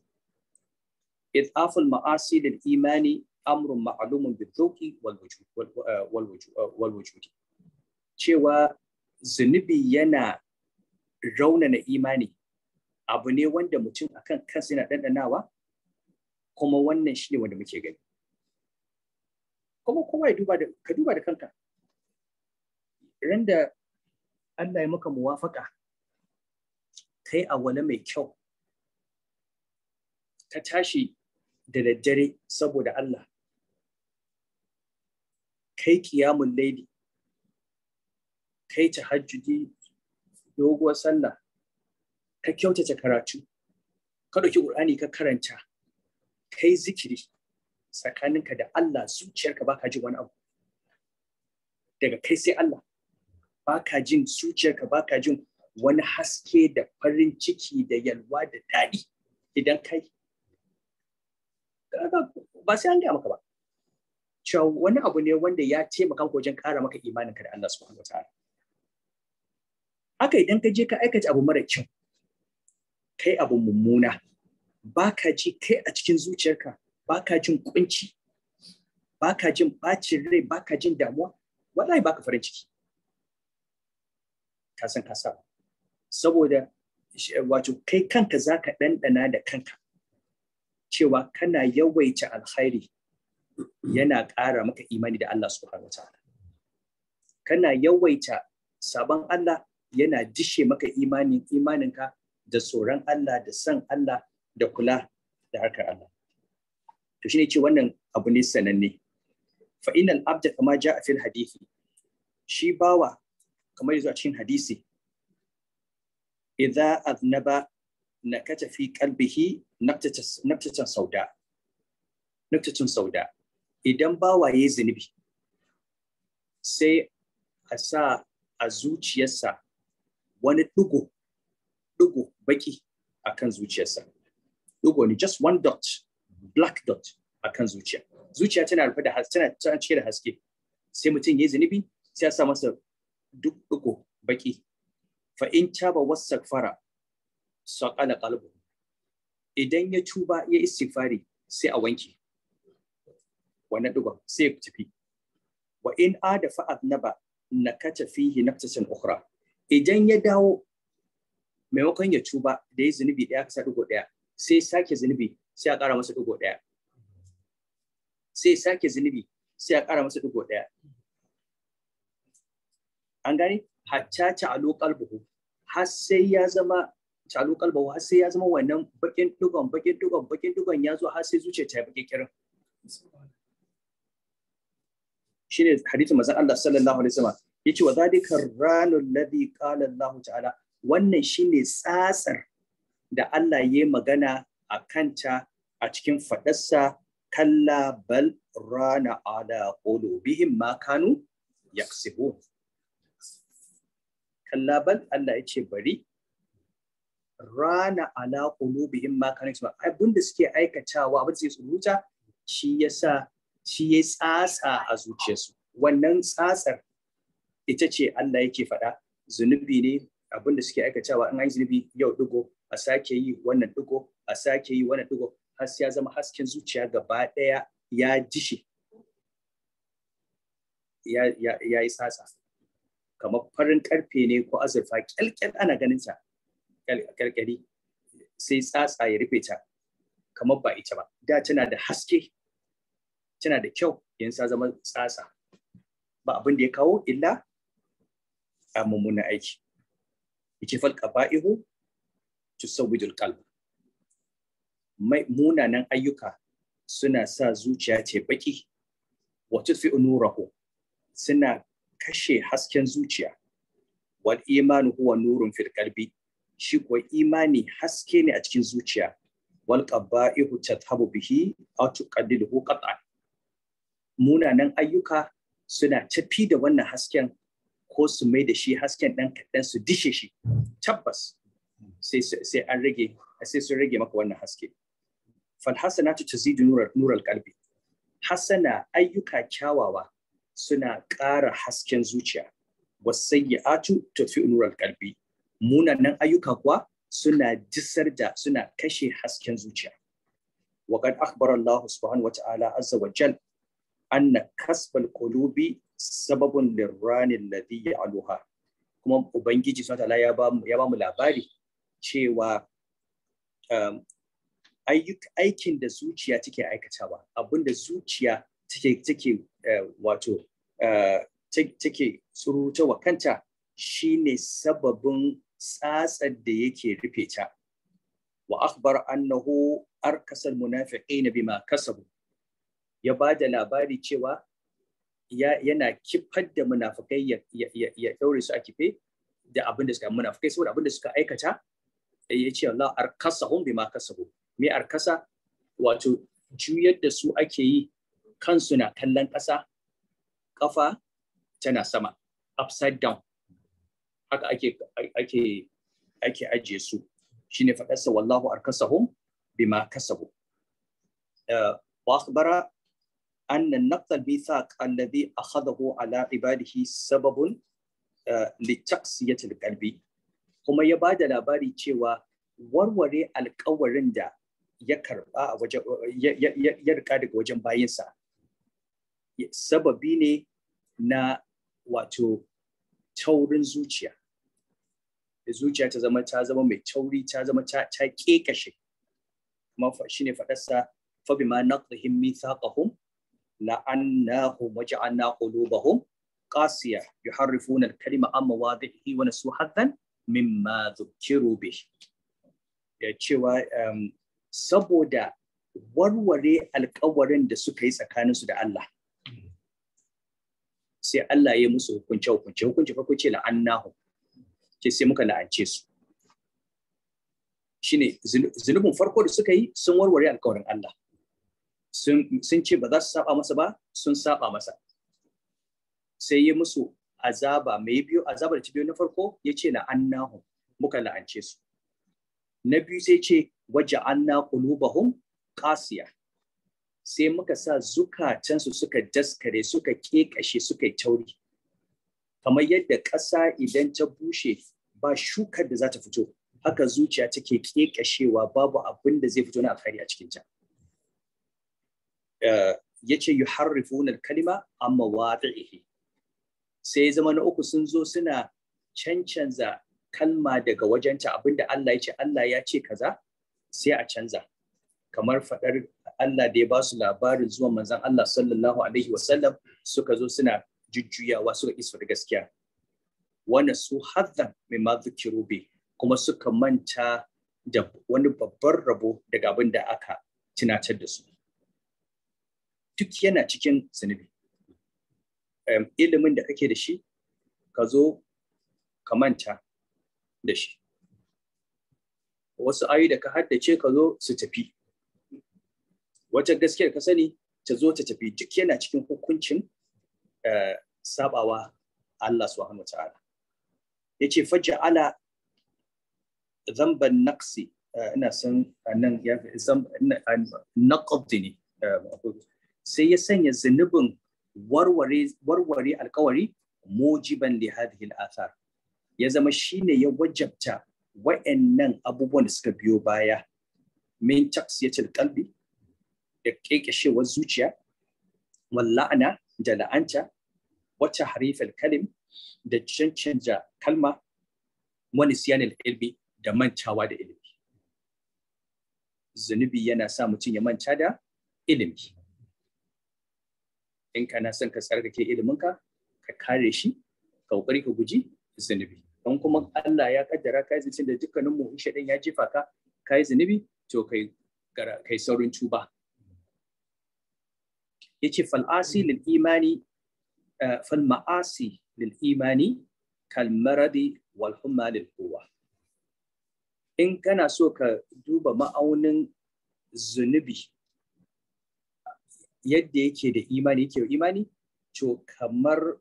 idaful ma'asi lil imani amrun ma'lumun bi dhuqi wal wujud wal uh, wujud uh, cewa zunubi yana raunana imani abu ne wanda mutum akan kansa yana ɗanɗanawa kuma wannan shi ne wanda muke gani kuma kowa ka duba da kanka ran da Allah ya maka muwafaka kai a wani mai kyau ka tashi da daddare saboda Allah kai kiyamun laidi kai tahajjudi doguwar sallah ka kyautata karatu ka ɗauki ƙur'ani ka karanta kai zikiri tsakaninka da Allah zuciyarka ba ka jin wani abu daga kai sai Allah ba ka jin zuciyarka ba ka jin wani haske da farin ciki da yalwa da daɗi idan kai ba sai an gaya maka ba cewa wani abu ne wanda ya taimaka wajen ƙara maka imaninka da Allah subhanahu wa haka idan ka je ka aikata abu mara kyau kai abu mummuna ba ka ji kai a cikin zuciyarka ba ka jin kunci ba ka jin bacin rai ba ka jin damuwa wallahi ba ka farin ciki ka san ka sa saboda wato kai kanka za ka ɗanɗana da kanka cewa kana yawaita alkhairi yana ƙara maka imani da Allah subhanahu wa ta'ala kana yawaita sabon Allah yana dishe maka imanin imaninka da tsoron Allah da san Allah da kula da harkar Allah to shine ce wannan abu ne sananne fa innal abda kama ja'a fil hadisi shi bawa kamar yazo a cikin hadisi idza aznaba nakata fi qalbihi naqtatan sauda naqtatan sauda idan bawa yayi zunubi sai a sa a zuciyarsa wani ɗigo ɗigo baki a kan zuciyarsa ɗigo ne just one dot black dot akan zuciya zuciya tana rufe da tana cike da haske sai mutum ya yi zunubi sai ya sa masa duk ɗigo baki fa in taba wasaghfara saqala qalbu idan ya tuba ya istighfari sai a wanke wannan ɗigon sai ya tafi wa in ada fa'ad naba nakata fihi naftatan ukhra idan ya dawo maimakon ya cuba da ya zunubi ɗaya kasa ɗigo ɗaya sai sake zunubi sai a ƙara masa ɗigo ɗaya sai sake zunubi sai a ƙara masa ɗigo ɗaya an gani? hatta calo kalbuhu har sai ya zama calo kalbuhu har sai ya zama wannan bakin dugon bakin dugon bakin dugon ya zo har sai zuciya ta bakin kirin shine hadisin manzon Allah sallallahu alaihi wasallam yace wa zalika ranul ladhi qala Allah ta'ala wannan shine tsatsar da Allah ya magana a kanta a cikin fadarsa kalla bal rana ala qulubihim ma kanu yaksibun kalla bal Allah yace bari rana ala qulubihim ma kanu yaksibun abinda suke aikatawa abinda suke rubuta shi yasa shi ya tsatsa a zuciyarsu wannan tsatsar ita ce Allah yake faɗa zunubi ne abin da suke aikatawa in an zunubi yau digo a sake yi wannan digo a sake yi wannan digo har ya zama hasken zuciya gaba ɗaya ya dishe ya yi sasa kamar farin karfe ne ko azurfa kyalkyal ana ganin ta kyalkyali sai tsatsa ya rufe ta kamar ba ita ba da tana da haske tana da kyau yin sa zama tsatsa ba abin da ya kawo illa mummunan aiki yace to qaba'ihu tusawwijul qalb mai munanan ayyuka suna sa zuciya ce baki wa tudfi nurahu suna kashe hasken zuciya wal imanu huwa nurun fil qalbi shi kuwa imani haske ne a cikin zuciya wal qaba'ihu tathabu bihi aw tuqaddiluhu qat'an munanan ayyuka suna tafi da wannan hasken ko su mai da shi hasken ɗan kaɗan su dishe shi tabbas sai an rage sai su rage maka wannan haske ta hasanatu tazidu nural kalbi. Hassana ayyuka kyawawa suna ƙara hasken zuciya ta fi nural kalbi. munanan ayyuka kuwa suna disar da suna kashe hasken zuciya وقد أخبر الله سبحانه وتعالى عز وجل أن كسب القلوب sababun lirranin ladhi ya'luha kuma ubangiji subhanahu ta'ala ya ba mu labari cewa um, aikin da zuciya take aikatawa da zuciya take take eh, wato eh, take tsuruta wa kanta shine sababin tsatsar da yake rufe ta wa akhbar annahu arkasal munafiqina bima kasabu ya ba da labari cewa yana kifar da munafukai ya ɗaure su a kife da abin da suka munafukai saboda abin da suka aikata eh, ya ce Allah arkasahum bima kasabu me arkasa wato juyar da su ake yi kansu na kallon ƙasa ƙafa tana sama upside down haka ake ake ake ajiye su shine faɗarsa wallahu ma bima kasabu eh, wa akhbara أن نقض الميثاق الذي أخذه على عباده سبب لتقسية القلب kuma ya ba da labari cewa warware alƙawarin da ya karba daga wajen bayinsa sababi ne na wato taurin zuciya zuciya ta zama ta zama mai tauri ta zama ta kekashe kuma shi ne faɗarsa fabima naqdihim mithaqahum la'annahum waja'alna qulubahum qasiya yuharrifuna al-kalima amma wadhihi wa nasu um, haddan mimma dhukiru bih ya cewa saboda warware alkawarin da suka yi tsakaninsu da Allah sai Allah ya musu hukunce hukunce hukunce farko ce la'annahu ce sai muka la'ance su shine zunubin farko da suka yi sun warware alkawarin Allah sun ce ba za su saba masa ba sun saba masa sai yi musu azaba mai biyu azabar ta biyu na farko ya ce na annahu, muka la'ance su na biyu sai ce waje anna kulubahun, kasiya. sai muka sa zukatansu suka daskare suka kekashe suka yi tauri kamar yadda ƙasa idan ta bushe ba shukar da za ta fito haka zuciya take kekashewa babu abin da zai fito na alkhairi a cikin cikinta Eh, yace yi al-kalima amma ihe sai zama na uku sun zo suna cancanza kalma daga wajenta abinda Allah ya ce Allah ya ce kaza sai a canza kamar faɗar Allah da ya ba su labarin zuwa manzan Allah sallallahu alaihi wasallam suka zo suna jujjuyawa suka isa da gaskiya wani su haddan mai mazu bi kuma suka manta da wani babban rabo daga abinda aka tunatar da su duk yana cikin zunubi ilimin da kake da shi ka zo ka manta da shi wasu ayu da ka haddace ka zo su tafi wata gaskiyar ka sani ta zo ta tafi duk yana cikin hukuncin eh, sabawa Allah ya ce yace ala zamban naqsi eh, ina san nan ya zamban sai ya sanya zunubin warware alkawari mujiban li hadhihi al ya zama shine ya wajabta wa'annan abubuwan da suka biyo baya min taqsiyatil qalbi da kekeshewar zuciya walla'ana da la'anta wata harifal kalim da cancanja kalma wani siyanin ilmi da mantawa da ilimi. Zunubi yana sa mutum ya manta da ilimi. in kana son ka tsarkake iliminka ka kare shi ka kokari ka guji zunubi don kuma Allah ya kaddara kai zancin da dukkanin mu in shaɗan ya jefa ka kai zunubi to kai kai saurin tuba yace fal asi lil imani eh, fal ma'asi lil imani kal maradi wal humma lil in kana so ka duba ma'aunin zunubi yadda yake da imani yake imani to kamar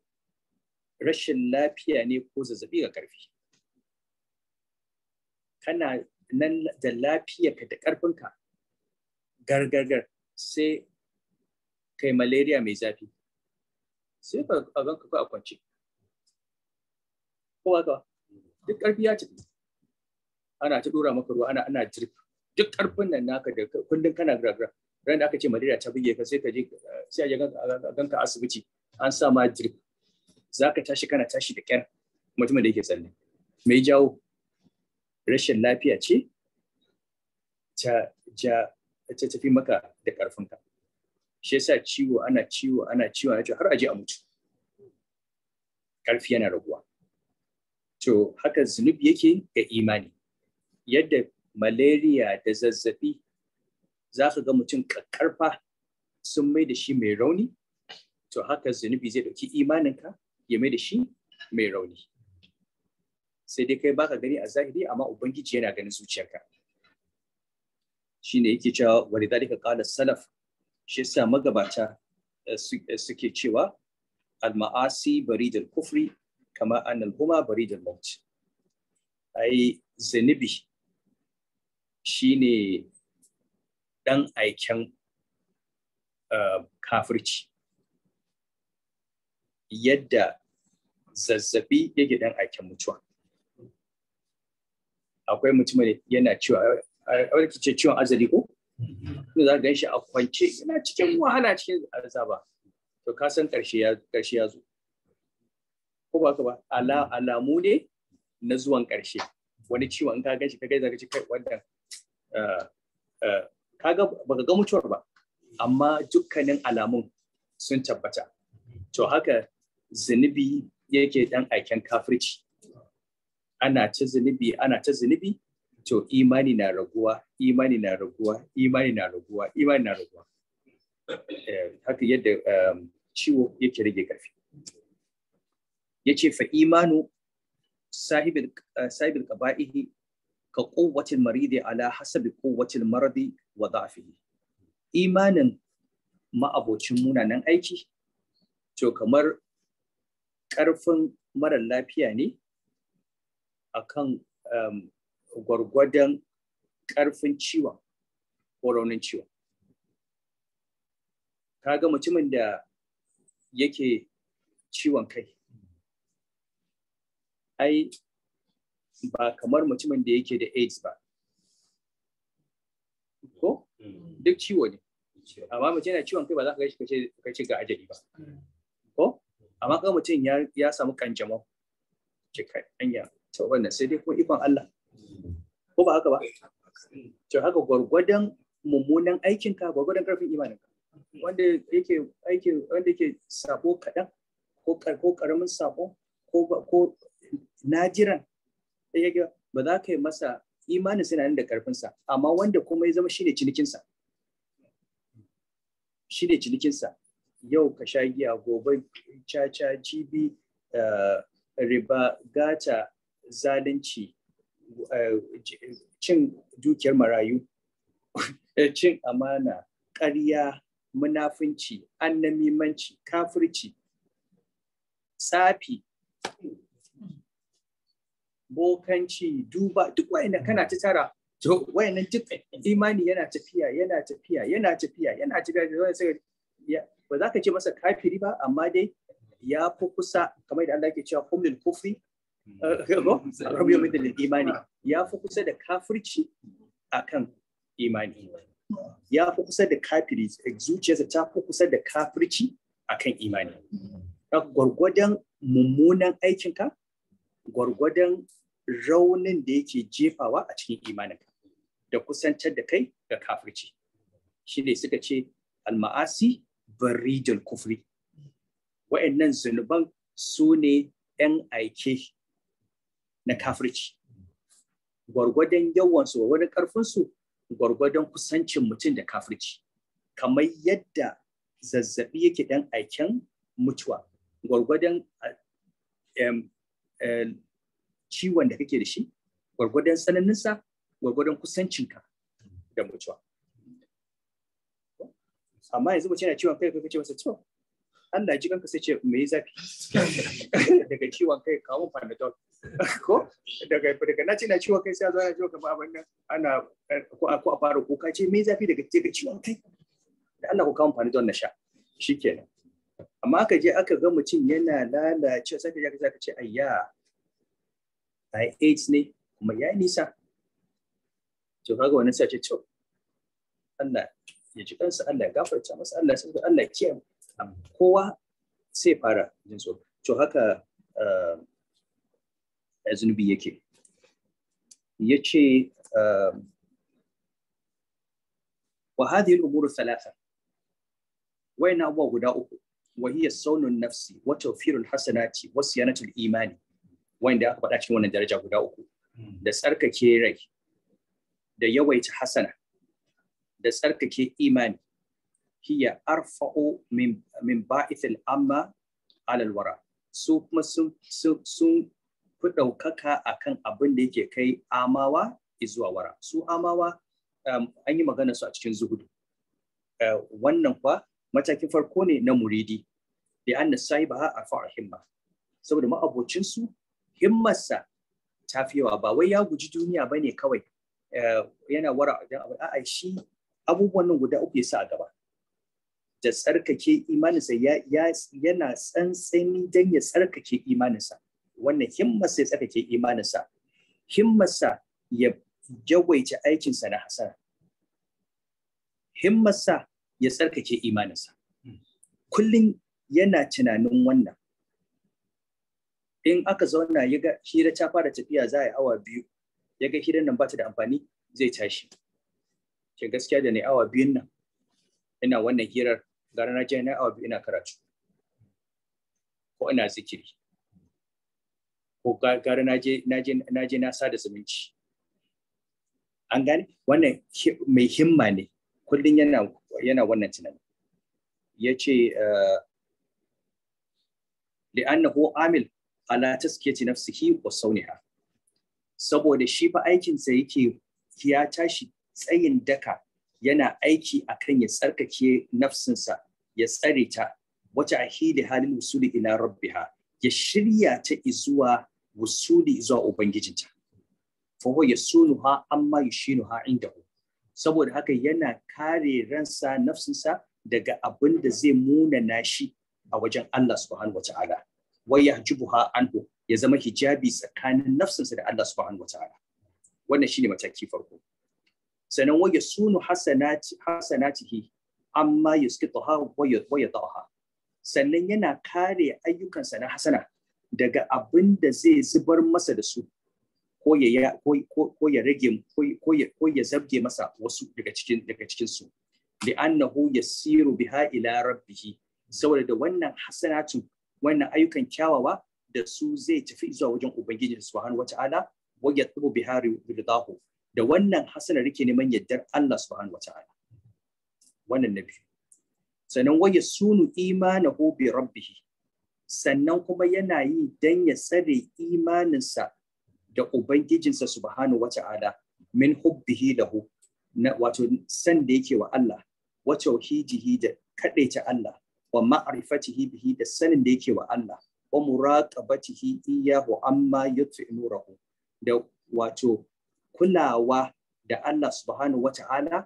rashin lafiya ne ko zazzabi ga karfi kana nan da lafiya ka da karfinka gargagar sai kai malaria mai zafi sai ka gan ka a kwance ko ka duk karfi ya ci ana ta dora maka ruwa ana ana drip duk karfin nan naka da kullun kana gargagar ran da aka ce malaria ta buge ka sai ka je eh, sai a ganka asibiti an sa ma drip za ka tashi kana tashi da kyar mutumin da yake tsalle mai jawo rashin lafiya ce ta ja ta tafi maka da ka. shi yasa ciwo ana ciwo ana ciwo ana ciwo har je a mutu karfi yana raguwa to haka zunubi yake ga imani yadda malaria da zazzabi za su ga mutum kakkarfa sun mai da shi mai rauni to haka zunubi zai ɗauki imaninka ya mai da shi mai rauni sai dai kai baka gani a zahiri amma ubangiji yana ganin zuciyarka shine yake cewa wa lidalika qala salaf shi sa magabata eh, eh, suke cewa al ma'asi da kufri kama al huma da maut ai zanibi shine ɗan aiken eh, kafirci yadda zazzabi yake ɗan aiken mutuwa akwai mutum ne yana cewa a ce ciwon azali ko to za gan shi a kwance yana cikin wahala cikin azaba to ka san karshe ya karshe ya zo ko ba ka ba ala alamu ne na zuwan karshe wani ciwon ka gan shi ka ga ka ci kai wannan eh, eh, kaga baka ga mutuwar ba amma dukkanin alamun sun tabbata to haka zunubi yake dan aiken kafirci ana ta zunubi ana ta zunubi to imani na raguwa imani na raguwa imani na raguwa imani na raguwa eh, haka yadda um, ciwo yake rage ƙarfi yace fa imanu sahibul sahibil qaba'ihi ka quwwatil maridi ala hasabi quwwatil maradi wa da'fihi imanin ma'abocin munanan aiki to kamar ƙarfin mara lafiya ne akan um, gwargwadon ƙarfin ciwon ko raunin ciwon kaga mutumin da yake ciwon kai ai ba kamar mutumin da yake da aids ba duk ciwo ne amma mutum yana ciwon kai ba za ka gaishe kace kace ga ajali ba mm. ko amma kan mutum ya ya samu kanjamau ce kai anya to wannan sai dai kuma ikon Allah ko ba haka ba to haka gwargwadon mummunan aikin ka gwargwadon karfin imanin ka wanda yake aikin wanda yake sabo kaɗan ko ko karamin sabo ko ko najiran ba za ka yi masa imanin suna da karfinsa amma wanda kuma ya zama shine cinikinsa shi ne cinikinsa yau ka sha giya gobe caca jibi eh, riba gata zalunci eh, cin dukiyar marayu cin amana ƙarya munafunci annamimanci kafirci tsafi bokanci duba duk wa'inda kana ta tara to wayannan duk imani yana tafiya yana tafiya yana tafiya yana tafiya da wani sai ba za ka ce masa kafiri ba amma dai ya fi kusa kamar da Allah ke cewa humlul kufri eh, rabiyu min imani ya fi kusa da kafirci akan imani ya fi kusa da kafiri zuciyarsa ta fi kusa da kafirci akan imani gwargwadon mummunan aikinka gwargwadon raunin da yake jefawa a cikin imanin da kusantar da kai ga kafirci shi ne suka ce alma'asi baridul kufri wa'annan zunuban su ne 'yan aike na kafirci gwargwadon yawansu gwargwadon ƙarfinsu gwargwadon kusancin mutum da kafirci kamar yadda zazzabi yake ɗan aiken mutuwa gwargwadon eh, eh, ciwon da kake da shi gwargwadon tsananinsa gwargwadon kusancinka da mutuwa amma yanzu mutum yana ciwon kai kai ce masa to Allah ji kanka sai ce me yi zafi daga ciwon kai kawo panadol ko daga daga na ce na ciwon kai sai a zo ya ciwon kamar abin nan ana ko a fara kuka ce me zafi daga daga ciwon kai da Allah ku kawo panadol na sha shikenan amma aka je aka ga mutum yana lalace sai ka je ka ce ayya ai AIDS ne kuma ya yi nisa to kaga wannan sai ce to Allah ya ji kansa Allah ya gafarta masa Allah ya sauka Allah ya kiyaye kowa sai fara jin tsoro to haka eh, zunubi yake ya ce um, wa hadhihi al umur thalatha wa ina abuwa guda uku wa hiya sawnun nafsi wa tawfirul hasanati wa siyanatul imani wanda aka faɗa cikin wannan daraja guda uku hmm. da tsarkake rai da yawaita hasana da tsarkake imani hiya arfa'u min min ba'ithil amma alal wara su kuma sun sun fi ɗaukaka akan abin da yake kai amawa zuwa wara su amawa um, an yi magana su a cikin zuhudu uh, wannan kwa matakin farko ne na muridi bi anna sahiba a fa'a himma saboda ma'abocinsu himmarsa ta fi yawa ba wai ya guji duniya ba ne kawai Eh, yana wara idan abu a'a shi abubuwan nan guda uku ya sa a gaba da tsarkake imaninsa yana tsantsani don ya tsarkake imaninsa wannan himma ya tsarkake imaninsa sa ya jawaice aikinsa na hasara sa ya tsarkake imaninsa kullum yana tunanin wannan in aka zauna ya ga shi ta fara tafiya za a yi awa biyu ya ga hidan nan ba ta da amfani zai tashi Ke gaskiya da ne awa biyun nan ina wannan hirar gara na je na awa biyu ina karatu ko ina zikiri ko gara na je na je na je na sada zumunci an gane wannan mai himma ne kullum yana yana wannan tunanin yace eh, li'annahu amil ala taskiyati nafsihi wa sawniha saboda shi fa aikinsa yake ya tashi tsayin daka yana aiki a kan ya tsarkake nafsinsa ya tsare ta wata ahidi halin wusuli ila rabbiha ya shirya ta izuwa wusuli zuwa ubangijinta fa huwa yasunuha amma inda indahu saboda haka yana kare ransa nafsinsa daga abin da zai muna nashi a wajen Allah subhanahu wa ta'ala wa yahjubuha anhu ya zama hijabi tsakanin nafsinsa da Allah subhanahu wataala wannan shine mataki farko sannan wa yasunu hasanati hasanatihi amma yusqitaha wa yadaha sannan yana kare ayyukansa na hasana daga abinda zai zubar masa da su ko ya ko ya rage ko ya ko ya zabge masa wasu daga cikin daga cikin su li annahu yasiru biha ila rabbih saboda da wannan hasanatu wannan ayyukan kyawawa da su zai tafi zuwa wajen ubangiji subhanahu wata'ala wa yatlubu biha ridahu da wannan hasana rike neman yaddar Allah subhanahu wata'ala wannan na biyu sannan wa sunu imanahu bi rabbih sannan kuma yana yi dan ya tsare imaninsa da ubangijinsa subhanahu wata'ala min hubbihi lahu na wato san da yake wa Allah wa tauhidihi da kadaita Allah wa ma'rifatihi bihi da sanin da yake wa Allah wa muraqabatihi iyyahu amma yut'imuhu da wato kulawa da Allah subhanahu wata'ala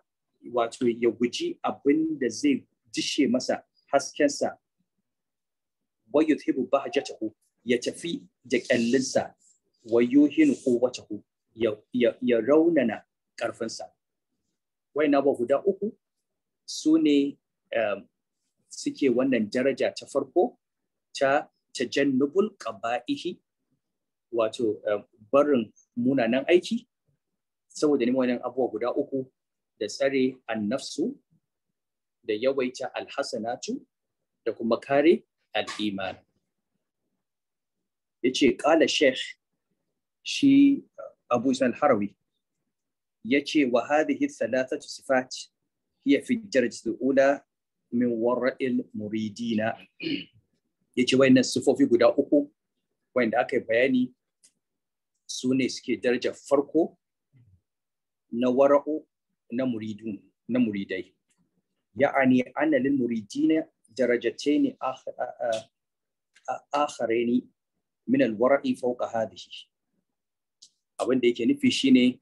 wato ya guji abinda zai dishe masa haskensa wa yuthibu bahjatahu ya tafi da kyallinsa wa yuhinu quwwatahu ya raunana karfinsa waina ba guda uku Sune ne eh, suke wannan daraja ta farko ta tajannubul qaba'ihi wato eh, barin munanan aiki saboda neman wannan abubuwa guda uku da tsare annafsu da yawaita alhasanatu da kuma kare al'iman ya ce ƙala sheikh shi abu isan harawi ya ce wa hadhihi thalathatu sifat hiya fi darajati ula min wara'il muridina ya ce wayannan sifofi guda uku wayanda aka yi bayani su ne suke darajar farko na wara'u na muridun na muridai ya'ani annalin muridina darajace ne akhareni min wara'i fawqa hadhihi abin da yake nufi shine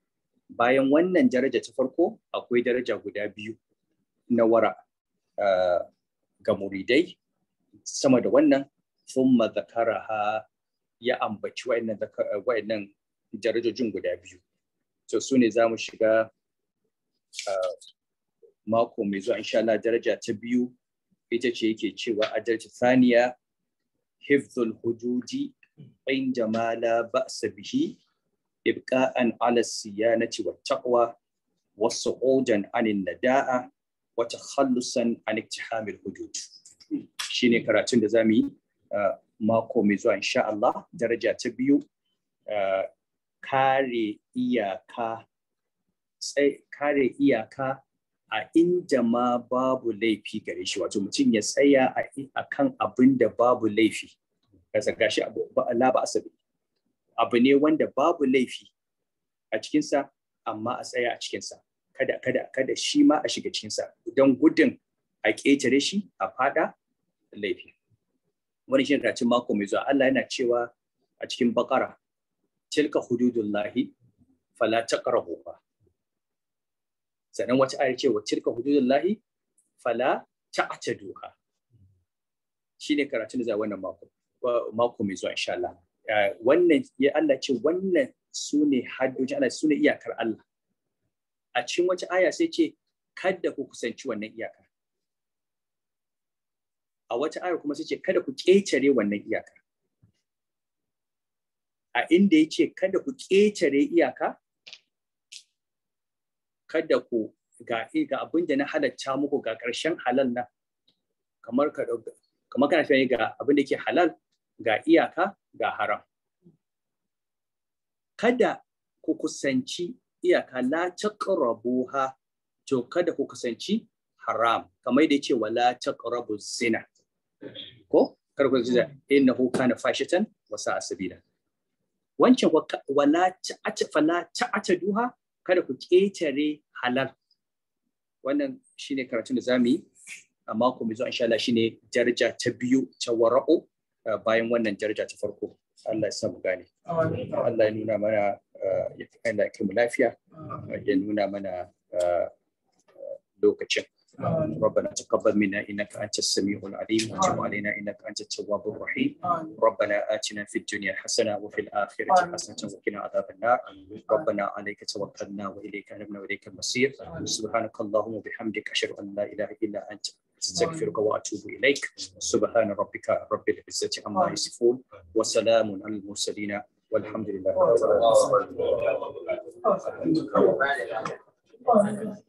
bayan wannan daraja ta farko akwai daraja guda biyu na wara ga muridai sama da wannan thumma zakaraha ya ambaci wayannan eh, darajojin guda biyu to su ne za mu shiga ah, mako mai zuwa insha Allah daraja ta biyu ita ce yake cewa adalci saniya hifzul hududi inda jamala ba'sa bihi ibqa'an ala siyanati wat taqwa wasu'udan anin nada'a wa takhallusan an iktihamil hudud shine karatun da zamu yi uh, mako mai zuwa insha Allah daraja ta biyu uh, kare iyaka kare iyaka a inda ma babu laifi gare shi wato mutum ya tsaya a kan abin da babu laifi kasa gashi ba asabi abu ne wanda babu laifi a cikinsa amma a tsaya a cikinsa kada kada kada shi ma a shiga cikinsa don gudun a ƙetare shi a fada laifi wani shi ne mako mai zuwa Allah yana cewa a cikin bakara tilka hududullahi fala taqrabuha sannan wata ayar ce tilka hududun hududullahi fala ta Shi shine karatun zai wannan mako mako mai zuwa insha Allah wannan ya Allah ce wannan su sune haddoji Allah sune iyakar Allah a cikin wata aya sai ce kada ku kusanci wannan iyakar a wata ayar kuma sai kada ku ƙetare wannan iyaka a inda yace ce kada ku ƙetare iyaka kada ku ga ga abin da na halatta muku ga ƙarshen halal nan kamar ka kamar kana tunani ga abin da ke halal ga iyaka ga haram kada ku kusanci iyaka la taqrabuha to kada ku kusanci haram kamar da yake wala taqrabu zina ko karkon jiza innahu kana fashatan wa sa'a wancan wala ta'ata fala duha kada ku ketare halal wannan shine karatun da zamu yi a mako mu zo insha Allah shine daraja ta biyu ta wara'u eh, bayan wannan daraja ta farko Allah ya sa mu gane Allah ya nuna mana eh, ya kai mu lafiya ya nuna mana eh, lokacin ربنا تقبل منا انك انت السميع العليم وتب علينا انك انت التواب الرحيم ربنا اتنا في الدنيا حسنه وفي الاخره حسنه وقنا عذاب النار ربنا عليك توكلنا واليك انبنا واليك المصير سبحانك اللهم وبحمدك اشهد ان لا اله الا انت استغفرك واتوب اليك سبحان ربك رب العزه عما يصفون وسلام على المرسلين والحمد لله رب العالمين